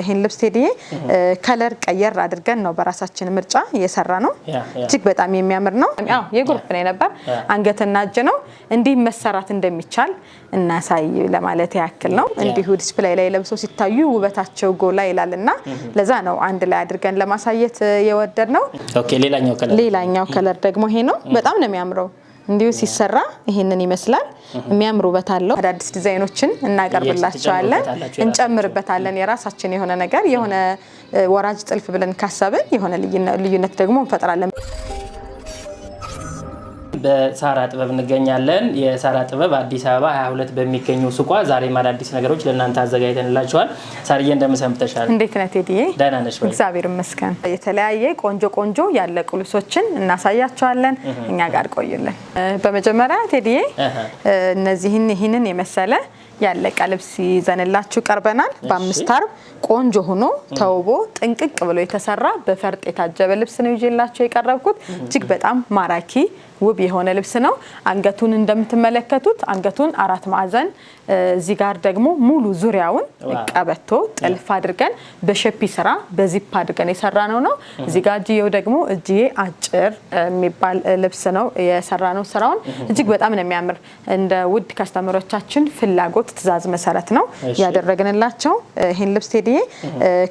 ይሄን ልብስ ቴዲዬ ከለር ቀየር አድርገን ነው በራሳችን ምርጫ እየሰራ ነው። እጅግ በጣም የሚያምር ነው። የግሩፕ ነው የነበር አንገትና እጅ ነው። እንዲህ መሰራት እንደሚቻል እናሳይ ለማለት ያክል ነው። እንዲሁ ዲስፕላይ ላይ ለብሶ ሲታዩ ውበታቸው ጎላ ይላል እና ለዛ ነው አንድ ላይ አድርገን ለማሳየት የወደድ ነው። ሌላኛው ከለር ደግሞ ይሄ ነው። በጣም ነው የሚያምረው እንዲሁ ሲሰራ ይህንን ይመስላል። የሚያምር ውበት አለው። አዳዲስ ዲዛይኖችን እናቀርብላቸዋለን፣ እንጨምርበታለን። የራሳችን የሆነ ነገር የሆነ ወራጅ ጥልፍ ብለን ካሰብን የሆነ ልዩነት ደግሞ እንፈጥራለን። በሳራ ጥበብ እንገኛለን። የሳራ ጥበብ አዲስ አበባ 22 በሚገኙ ሱቋ ዛሬም አዳዲስ ነገሮች ለእናንተ አዘጋጅተንላችኋል። ሳርዬ እንደምሰምተሻል። እንዴት ነህ ቴዲዬ? ደህና ነሽ? እግዚአብሔር ይመስገን። የተለያየ ቆንጆ ቆንጆ ያለቁ ልብሶችን እናሳያቸዋለን። እኛ ጋር ቆዩልን። በመጀመሪያ ቴዲዬ እነዚህን ይህንን የመሰለ ያለቀ ልብስ ይዘንላችሁ ቀርበናል። በአምስት አርብ ቆንጆ ሆኖ ተውቦ ጥንቅቅ ብሎ የተሰራ በፈርጥ የታጀበ ልብስ ነው ይዤላችሁ የቀረብኩት እጅግ በጣም ማራኪ ውብ የሆነ ልብስ ነው። አንገቱን እንደምትመለከቱት አንገቱን አራት ማዕዘን እዚህ ጋር ደግሞ ሙሉ ዙሪያውን ቀበቶ ጥልፍ አድርገን በሸፒ ስራ በዚፕ አድርገን የሰራ ነው ነው። እዚህ ጋር እጅዬው ደግሞ እጅዬ አጭር የሚባል ልብስ ነው የሰራ ነው። ስራውን እጅግ በጣም ነው የሚያምር። እንደ ውድ ከስተመሮቻችን ፍላጎት ትዕዛዝ መሰረት ነው ያደረግንላቸው ይህን ልብስ ቴዲዬ።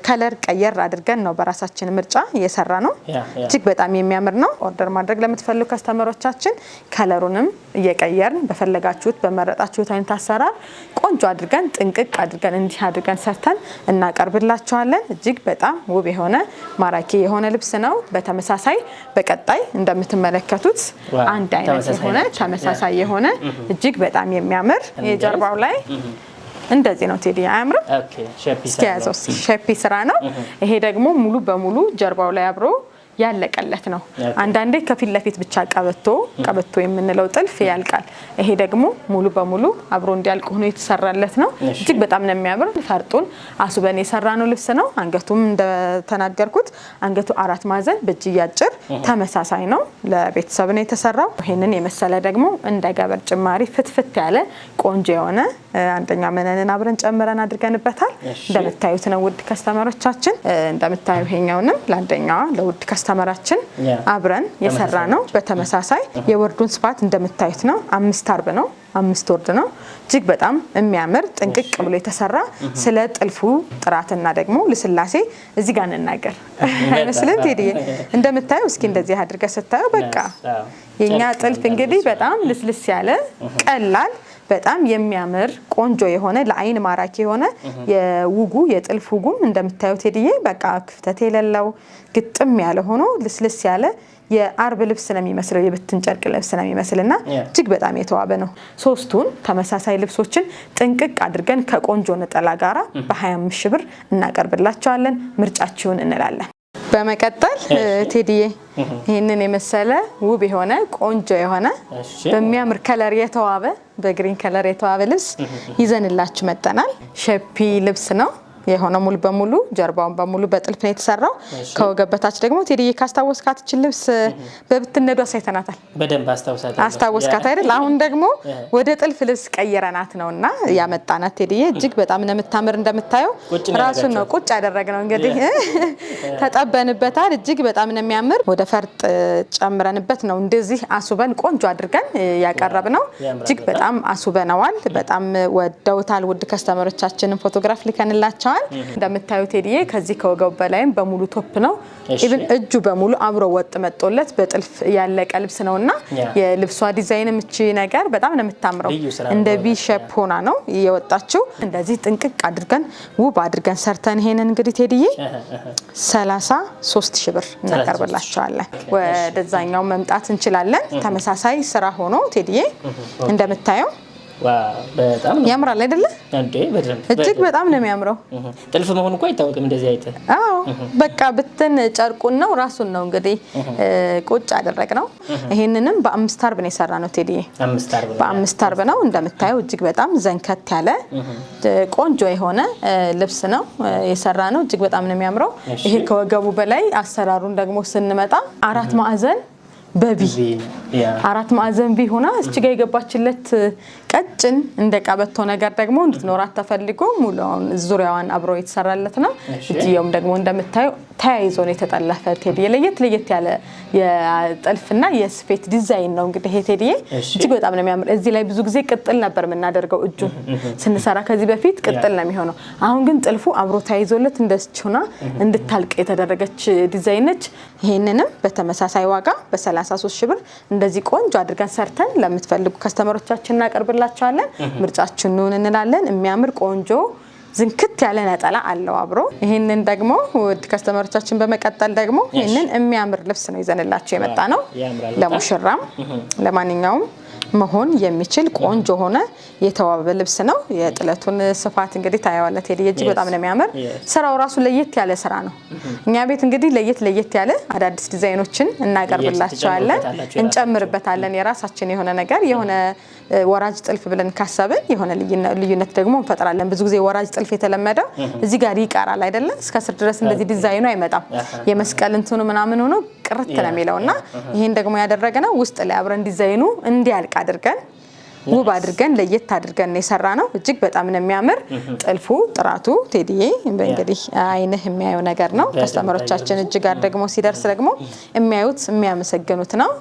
ከለር ቀየር አድርገን ነው በራሳችን ምርጫ የሰራ ነው። እጅግ በጣም የሚያምር ነው። ኦርደር ማድረግ ለምትፈልጉ ከስተመሮቻችን ከለሩንም እየቀየርን በፈለጋችሁት በመረጣችሁት አይነት አሰራር ቆንጆ አድርገን ጥንቅቅ አድርገን እንዲህ አድርገን ሰርተን እናቀርብላቸዋለን። እጅግ በጣም ውብ የሆነ ማራኪ የሆነ ልብስ ነው። በተመሳሳይ በቀጣይ እንደምትመለከቱት አንድ አይነት የሆነ ተመሳሳይ የሆነ እጅግ በጣም የሚያምር የጀርባው ላይ እንደዚህ ነው ቴዲ፣ አያምርም? እስኪ ያዘው ሸፒ ስራ ነው ይሄ ደግሞ ሙሉ በሙሉ ጀርባው ላይ አብሮ ያለቀለት ነው። አንዳንዴ ከፊት ለፊት ብቻ ቀበቶ ቀበቶ የምንለው ጥልፍ ያልቃል። ይሄ ደግሞ ሙሉ በሙሉ አብሮ እንዲያልቅ ሆኖ የተሰራለት ነው። እጅግ በጣም ነው የሚያምር። ፈርጡን አሱበን የሰራ ነው ልብስ ነው። አንገቱም እንደተናገርኩት አንገቱ አራት ማዕዘን በእጅ እያጭር ተመሳሳይ ነው። ለቤተሰብ ነው የተሰራው። ይህንን የመሰለ ደግሞ እንደ ገበር ጭማሪ ፍትፍት ያለ ቆንጆ የሆነ አንደኛ መነንን አብረን ጨምረን አድርገንበታል። እንደምታዩት ነው ውድ ከስተመሮቻችን፣ እንደምታዩ ይሄኛውንም ለአንደኛዋ ለውድ ከስተመራችን አብረን የሰራ ነው። በተመሳሳይ የወርዱን ስፋት እንደምታዩት ነው። አምስት አርብ ነው አምስት ወርድ ነው። እጅግ በጣም የሚያምር ጥንቅቅ ብሎ የተሰራ ስለ ጥልፉ ጥራትና ደግሞ ልስላሴ እዚህ ጋር እንናገር አይመስልም ቴዲ? እንደምታየው እስኪ እንደዚህ አድርገ ስታየው በቃ የእኛ ጥልፍ እንግዲህ በጣም ልስልስ ያለ ቀላል በጣም የሚያምር ቆንጆ የሆነ ለአይን ማራኪ የሆነ የውጉ የጥልፍ ውጉም እንደምታዩት ሄድዬ በቃ ክፍተት የሌለው ግጥም ያለ ሆኖ ልስልስ ያለ የአርብ ልብስ ነው የሚመስለው፣ የብትን ጨርቅ ልብስ ነው የሚመስል እና እጅግ በጣም የተዋበ ነው። ሶስቱን ተመሳሳይ ልብሶችን ጥንቅቅ አድርገን ከቆንጆ ነጠላ ጋራ በ25 ሺ ብር እናቀርብላቸዋለን። ምርጫችሁን እንላለን። በመቀጠል ቴዲዬ ይህንን የመሰለ ውብ የሆነ ቆንጆ የሆነ በሚያምር ከለር የተዋበ በግሪን ከለር የተዋበ ልብስ ይዘንላችሁ መጠናል። ሸፒ ልብስ ነው። የሆነው ሙሉ በሙሉ ጀርባውን በሙሉ በጥልፍ ነው የተሰራው። ከወገብ በታች ደግሞ ቴዲዬ ካስታወስካት ይህች ልብስ በብትነዱ አሳይተናታል። በደንብ አስታወስካት አይደል? አሁን ደግሞ ወደ ጥልፍ ልብስ ቀይረናት ነው እና ያመጣናት ቴዲዬ እጅግ በጣም ነው እንደምታየው ራሱን ነው ቁጭ ያደረግ ነው እንግዲህ ተጠበንበታል። እጅግ በጣም ነው ወደ ፈርጥ ጨምረንበት ነው እንደዚህ አሱበን ቆንጆ አድርገን ያቀረብ ነው። እጅግ በጣም አሱበነዋል። በጣም ወደውታል። ውድ ከስተመሮቻችንን ፎቶግራፍ ልከንላቸው ለብሰዋል። እንደምታዩት ቴዲዬ ከዚህ ከወገቡ በላይም በሙሉ ቶፕ ነው። ኢቭን እጁ በሙሉ አብሮ ወጥ መጦለት በጥልፍ ያለቀ ልብስ ነው እና የልብሷ ዲዛይን ምቺ ነገር በጣም ነው የምታምረው። እንደ ቢ ሼፕ ሆና ነው የወጣችው። እንደዚህ ጥንቅቅ አድርገን ውብ አድርገን ሰርተን ይሄንን እንግዲህ ቴዲዬ 33 ሶስት ሺ ብር እናቀርብላቸዋለን። ወደዛኛው መምጣት እንችላለን። ተመሳሳይ ስራ ሆኖ ቴዲዬ እንደምታየው ያምራል አይደለ? እጅግ በጣም ነው የሚያምረው። ጥልፍ መሆኑ እኮ አይታወቅም እንደዚህ አይተህ። አዎ በቃ ብትን ጨርቁን ነው ራሱን ነው እንግዲህ ቁጭ አደረግ ነው። ይሄንንም በአምስት አርብ ነው የሰራ ነው ቴዲ፣ በአምስት አርብ ነው እንደምታየው። እጅግ በጣም ዘንከት ያለ ቆንጆ የሆነ ልብስ ነው የሰራ ነው። እጅግ በጣም ነው የሚያምረው። ይሄ ከወገቡ በላይ አሰራሩን ደግሞ ስንመጣ አራት ማዕዘን በቢ አራት ማዕዘን ቢ ሆና እስች ጋ የገባችለት ቀጭን እንደ ቀበቶ ነገር ደግሞ እንድትኖራት ተፈልጎ ሙሉውን ዙሪያዋን አብሮ የተሰራለት ነው። እጅየውም ደግሞ እንደምታየው ተያይዞ ነው የተጠለፈ ቴዲ ለየት ለየት ያለ የጥልፍና የስፌት ዲዛይን ነው እንግዲህ ይሄ ቴዲዬ እጅግ በጣም ነው የሚያምር። እዚህ ላይ ብዙ ጊዜ ቅጥል ነበር የምናደርገው እጁ ስንሰራ ከዚህ በፊት ቅጥል ነው የሚሆነው። አሁን ግን ጥልፉ አብሮ ተያይዞለት እንደስችና እንድታልቅ የተደረገች ዲዛይን ነች። ይህንንም በተመሳሳይ ዋጋ በ33 ሺ ብር እንደዚህ ቆንጆ አድርገን ሰርተን ለምትፈልጉ ከስተመሮቻችን እናቀርብላቸዋለን። ምርጫችሁን እንላለን። የሚያምር ቆንጆ ዝንክት ያለ ነጠላ አለው አብሮ። ይህንን ደግሞ ውድ ከስተመሮቻችን በመቀጠል ደግሞ ይህንን የሚያምር ልብስ ነው ይዘንላቸው የመጣ ነው። ለሙሽራም ለማንኛውም መሆን የሚችል ቆንጆ ሆነ የተዋበ ልብስ ነው። የጥለቱን ስፋት እንግዲህ ታየዋለት ሄድ እጅግ በጣም ነው የሚያምር። ስራው ራሱ ለየት ያለ ስራ ነው። እኛ ቤት እንግዲህ ለየት ለየት ያለ አዳዲስ ዲዛይኖችን እናቀርብላቸዋለን፣ እንጨምርበታለን የራሳችን የሆነ ነገር የሆነ ወራጅ ጥልፍ ብለን ካሰብን የሆነ ልዩነት ደግሞ እንፈጥራለን። ብዙ ጊዜ ወራጅ ጥልፍ የተለመደው እዚህ ጋር ይቀራል አይደለም እስከ ስር ድረስ እንደዚህ ዲዛይኑ አይመጣም። የመስቀል እንትኑ ምናምን ሆኖ ቅርት ነው የሚለው እና ይሄን ደግሞ ያደረገ ነው ውስጥ ላይ አብረን ዲዛይኑ እንዲያልቅ አድርገን ውብ አድርገን ለየት አድርገን የሰራ ነው። እጅግ በጣም ነው የሚያምር ጥልፉ፣ ጥራቱ ቴዲዬ እንግዲህ አይንህ የሚያየው ነገር ነው። ከስተመሮቻችን እጅ ጋር ደግሞ ሲደርስ ደግሞ የሚያዩት የሚያመሰግኑት ነው።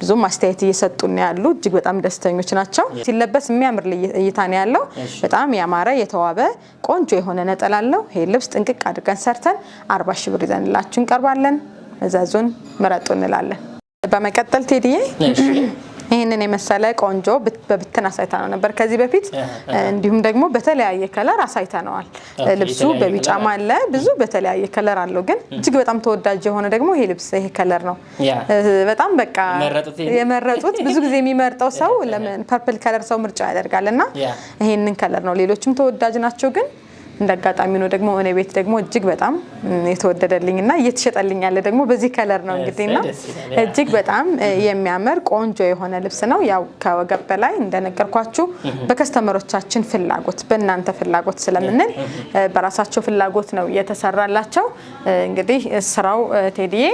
ብዙም አስተያየት እየሰጡን ያሉ እጅግ በጣም ደስተኞች ናቸው። ሲለበስ የሚያምር እይታ ነው ያለው። በጣም ያማረ የተዋበ ቆንጆ የሆነ ነጠላ አለው። ይሄ ልብስ ጥንቅቅ አድርገን ሰርተን አርባ ሺ ብር ይዘንላችሁ እንቀርባለን። እዘዙን ምረጡ እንላለን። በመቀጠል ቴዲዬ ይህንን የመሰለ ቆንጆ በብትን አሳይታ ነው ነበር ከዚህ በፊት እንዲሁም ደግሞ በተለያየ ከለር አሳይተነዋል። ልብሱ በቢጫም አለ ብዙ በተለያየ ከለር አለው። ግን እጅግ በጣም ተወዳጅ የሆነ ደግሞ ይሄ ልብስ ይሄ ከለር ነው። በጣም በቃ የመረጡት ብዙ ጊዜ የሚመርጠው ሰው ለምን ፐርፕል ከለር ሰው ምርጫ ያደርጋል እና ይሄንን ከለር ነው። ሌሎችም ተወዳጅ ናቸው ግን እንደ አጋጣሚ ነው ደግሞ እኔ ቤት ደግሞ እጅግ በጣም የተወደደልኝ እና እየተሸጠልኝ ያለ ደግሞ በዚህ ከለር ነው እንግዲህ እና እጅግ በጣም የሚያምር ቆንጆ የሆነ ልብስ ነው። ያው ከወገብ በላይ እንደነገርኳችሁ በከስተመሮቻችን ፍላጎት፣ በእናንተ ፍላጎት ስለምንል በራሳቸው ፍላጎት ነው የተሰራላቸው። እንግዲህ ስራው ቴዲዬ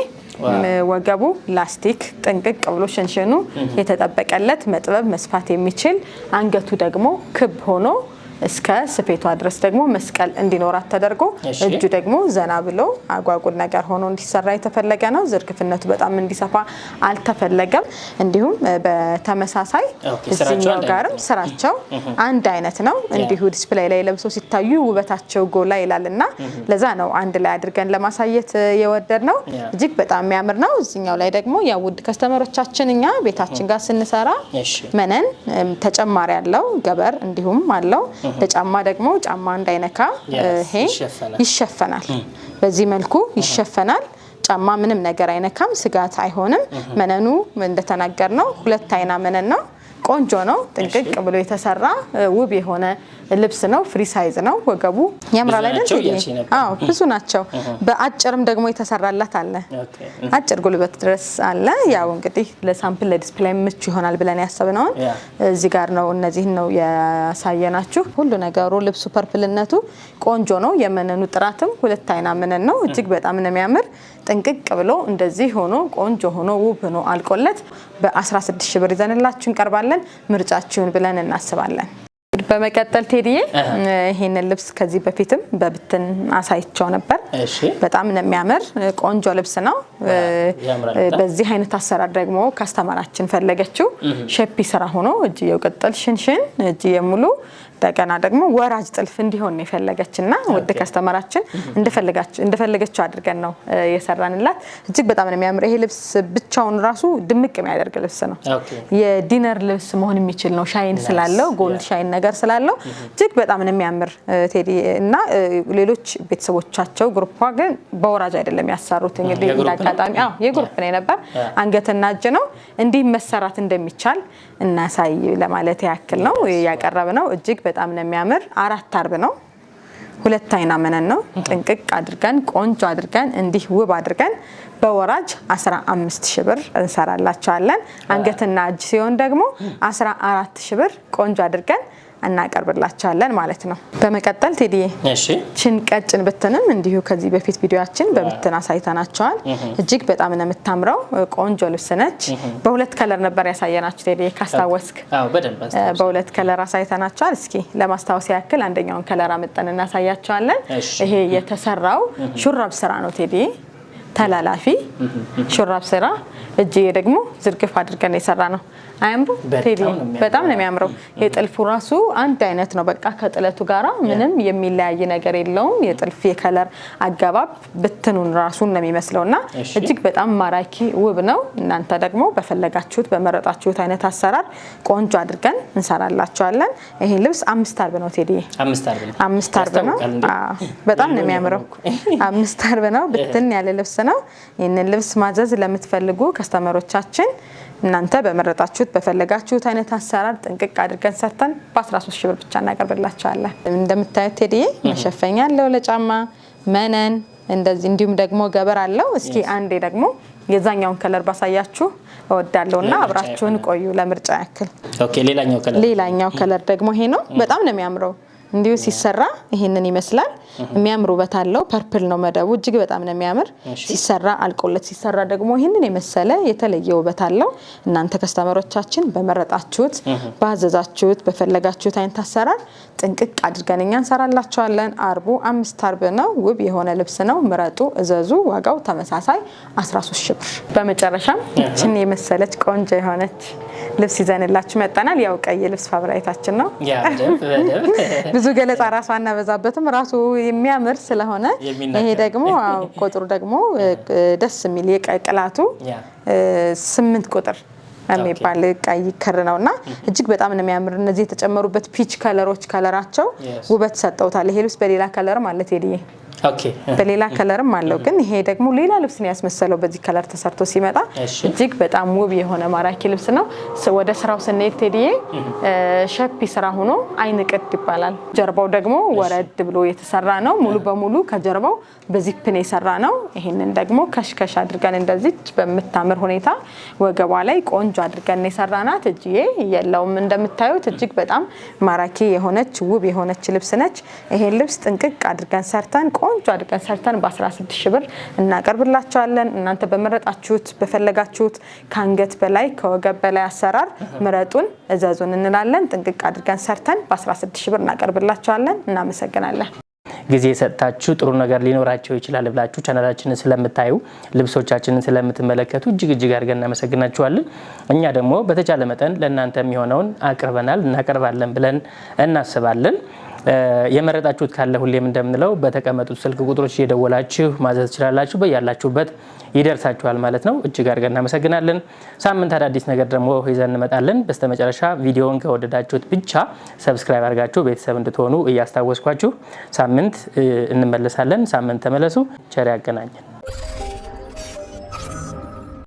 ወገቡ ላስቲክ ጥንቅቅ ብሎ ሸንሸኑ የተጠበቀለት መጥበብ መስፋት የሚችል አንገቱ ደግሞ ክብ ሆኖ እስከ ስፌቷ ድረስ ደግሞ መስቀል እንዲኖራት ተደርጎ እጁ ደግሞ ዘና ብሎ አጓጉል ነገር ሆኖ እንዲሰራ የተፈለገ ነው። ዝርግፍነቱ በጣም እንዲሰፋ አልተፈለገም። እንዲሁም በተመሳሳይ እዚኛው ጋርም ስራቸው አንድ አይነት ነው። እንዲሁ ዲስፕላይ ላይ ለብሶ ሲታዩ ውበታቸው ጎላ ይላል እና ለዛ ነው አንድ ላይ አድርገን ለማሳየት የወደድ ነው። እጅግ በጣም የሚያምር ነው። እዚኛው ላይ ደግሞ ያው ከስተመሮቻችን እኛ ቤታችን ጋር ስንሰራ መነን ተጨማሪ ያለው ገበር እንዲሁም አለው ለጫማ ደግሞ ጫማ እንዳይነካ ይሄ ይሸፈናል። በዚህ መልኩ ይሸፈናል። ጫማ ምንም ነገር አይነካም፣ ስጋት አይሆንም። መነኑ እንደተናገር ነው ሁለት አይና መነን ነው። ቆንጆ ነው። ጥንቅቅ ብሎ የተሰራ ውብ የሆነ ልብስ ነው። ፍሪ ሳይዝ ነው። ወገቡ ያምራል አይደል? አዎ ብዙ ናቸው። በአጭርም ደግሞ የተሰራላት አለ። አጭር ጉልበት ድረስ አለ። ያው እንግዲህ ለሳምፕል ለዲስፕላይ ምቹ ይሆናል ብለን ያሰብነውን እዚህ ጋር ነው እነዚህን ነው ያሳየናችሁ። ሁሉ ነገሩ ልብሱ ፐርፕልነቱ ቆንጆ ነው። የመነኑ ጥራትም ሁለት አይና ምንን ነው። እጅግ በጣም ነው የሚያምር ጥንቅቅ ብሎ እንደዚህ ሆኖ ቆንጆ ሆኖ ውብ ሆኖ አልቆለት በ16 ሺህ ብር ይዘንላችሁ እንቀርባለን። ምርጫችሁን ብለን እናስባለን። በመቀጠል ቴዲዬ ይሄንን ልብስ ከዚህ በፊትም በብትን አሳይቸው ነበር። በጣም ነው የሚያምር ቆንጆ ልብስ ነው። በዚህ አይነት አሰራር ደግሞ ከስተማራችን ፈለገችው ሸፒ ስራ ሆኖ እጅየው ቅጥል ሽንሽን እጅየ ሙሉ እንደገና ደግሞ ወራጅ ጥልፍ እንዲሆን የፈለገች እና ውድ ከስተመራችን እንደፈለገችው አድርገን ነው የሰራንላት። እጅግ በጣም ነው የሚያምር። ይሄ ልብስ ብቻውን ራሱ ድምቅ የሚያደርግ ልብስ ነው። የዲነር ልብስ መሆን የሚችል ነው። ሻይን ስላለው ጎልድ ሻይን ነገር ስላለው እጅግ በጣም ነው የሚያምር ቴዲ እና ሌሎች ቤተሰቦቻቸው ግሩፕ ግን በወራጅ አይደለም ያሰሩት። እንግዲህ እንዳጋጣሚ የግሩፕ ነው የነበር አንገትና እጅ ነው እንዲህ መሰራት እንደሚቻል እናሳይ ለማለት ያክል ነው ያቀረብ ነው። እጅግ በጣም ነው የሚያምር። አራት አርብ ነው። ሁለት አይና መነን ነው። ጥንቅቅ አድርገን ቆንጆ አድርገን እንዲህ ውብ አድርገን በወራጅ 15 ሺህ ብር እንሰራላቸዋለን። አንገትና እጅ ሲሆን ደግሞ 14 ሺህ ብር ቆንጆ አድርገን እናቀርብላቸዋለን ማለት ነው። በመቀጠል ቴዲ ችን ቀጭን ብትንም እንዲሁ ከዚህ በፊት ቪዲዮችን በብትን አሳይተናቸዋል። እጅግ በጣም ነው የምታምረው፣ ቆንጆ ልብስ ነች። በሁለት ከለር ነበር ያሳየናችሁ ቴዲ፣ ካስታወስክ፣ በሁለት ከለር አሳይተናቸዋል። እስኪ ለማስታወስ ያክል አንደኛውን ከለር አመጠን እናሳያቸዋለን። ይሄ የተሰራው ሹራብ ስራ ነው ቴዲ ተላላፊ ሹራብ ስራ እጅ ደግሞ ዝርግፍ አድርገን የሰራ ነው። አያምሩ ቴዲ በጣም ነው የሚያምረው። የጥልፉ ራሱ አንድ አይነት ነው፣ በቃ ከጥለቱ ጋራ ምንም የሚለያይ ነገር የለውም። የጥልፍ የከለር አገባብ ብትኑን ራሱን ነው የሚመስለው እና እጅግ በጣም ማራኪ ውብ ነው። እናንተ ደግሞ በፈለጋችሁት በመረጣችሁት አይነት አሰራር ቆንጆ አድርገን እንሰራላችኋለን። ይህን ልብስ አምስት አርብ ነው ቴዲ፣ አምስት አርብ ነው። በጣም ነው የሚያምረው። አምስት አርብ ነው፣ ብትን ያለ ልብስ ነው። ይህንን ልብስ ማዘዝ ለምትፈልጉ ከስተመሮቻችን እናንተ በመረጣችሁት በፈለጋችሁት አይነት አሰራር ጥንቅቅ አድርገን ሰርተን በ13 ሺ ብር ብቻ እናቀርብላቸዋለን። እንደምታዩት ቴዲዬ መሸፈኛ አለው ለጫማ መነን እንደዚህ እንዲሁም ደግሞ ገበር አለው። እስኪ አንዴ ደግሞ የዛኛውን ከለር ባሳያችሁ እወዳለሁ እና አብራችሁን ቆዩ ለምርጫ ያክል። ሌላኛው ከለር ደግሞ ይሄ ነው። በጣም ነው የሚያምረው እንዲሁ ሲሰራ ይሄንን ይመስላል። የሚያምር ውበት አለው። ፐርፕል ነው መደቡ፣ እጅግ በጣም ነው የሚያምር። ሲሰራ አልቆለት ሲሰራ ደግሞ ይህንን የመሰለ የተለየ ውበት አለው። እናንተ ከስተመሮቻችን በመረጣችሁት፣ ባዘዛችሁት፣ በፈለጋችሁት አይነት አሰራር ጥንቅቅ አድርገን እኛ እንሰራላችኋለን። አርቡ አምስት አርብ ነው። ውብ የሆነ ልብስ ነው። ምረጡ፣ እዘዙ። ዋጋው ተመሳሳይ 13 ሺ ብር። በመጨረሻም ይችን የመሰለች ቆንጆ የሆነች ልብስ ይዘንላችሁ መጠናል። ያው ቀይ ልብስ ፋብራይታችን ነው። ብዙ ገለጻ ራሱ አናበዛበትም። ራሱ የሚያምር ስለሆነ ይሄ ደግሞ ቁጥሩ ደግሞ ደስ የሚል የቅላቱ ስምንት ቁጥር የሚባል ቀይ ክር ነው እና እጅግ በጣም ነው የሚያምር። እነዚህ የተጨመሩበት ፒች ከለሮች ከለራቸው ውበት ሰጠውታል። ይሄ ልብስ በሌላ ከለር ማለት ቴዲዬ በሌላ ከለርም አለው ግን ይሄ ደግሞ ሌላ ልብስ ነው ያስመሰለው። በዚህ ከለር ተሰርቶ ሲመጣ እጅግ በጣም ውብ የሆነ ማራኪ ልብስ ነው። ወደ ስራው ስንሄድ ቴዲዬ ሸፒ ስራ ሆኖ አይን ቅድ ይባላል። ጀርባው ደግሞ ወረድ ብሎ የተሰራ ነው። ሙሉ በሙሉ ከጀርባው በዚፕን የሰራ ነው። ይህንን ደግሞ ከሽከሽ አድርገን እንደዚች በምታምር ሁኔታ ወገቧ ላይ ቆንጆ አድርገን የሰራ ናት። እጅዬ የለውም እንደምታዩት እጅግ በጣም ማራኪ የሆነች ውብ የሆነች ልብስ ነች። ይሄን ልብስ ጥንቅቅ አድርገን ሰርተን ቆንጆ አድርገን ሰርተን በ16 ሺ ብር እናቀርብላቸዋለን። እናንተ በመረጣችሁት በፈለጋችሁት ከአንገት በላይ ከወገብ በላይ አሰራር ምረጡን፣ እዘዙን እንላለን። ጥንቅቅ አድርገን ሰርተን በ16 ሺ ብር እናቀርብላቸዋለን። እናመሰግናለን። ጊዜ የሰጣችሁ ጥሩ ነገር ሊኖራቸው ይችላል ብላችሁ ቻናላችንን ስለምታዩ ልብሶቻችንን ስለምትመለከቱ እጅግ እጅግ አድርገን እናመሰግናችኋለን። እኛ ደግሞ በተቻለ መጠን ለእናንተ የሚሆነውን አቅርበናል እናቀርባለን ብለን እናስባለን። የመረጣችሁት ካለ ሁሌም እንደምንለው በተቀመጡት ስልክ ቁጥሮች እየደወላችሁ ማዘዝ ትችላላችሁ። በያላችሁበት ይደርሳችኋል ማለት ነው። እጅግ አድርገን እናመሰግናለን። ሳምንት አዳዲስ ነገር ደግሞ ይዘን እንመጣለን። በስተመጨረሻ ቪዲዮን ከወደዳችሁት ብቻ ሰብስክራይብ አድርጋችሁ ቤተሰብ እንድትሆኑ እያስታወስኳችሁ ሳምንት እንመለሳለን። ሳምንት ተመለሱ። ቸር ያገናኘን።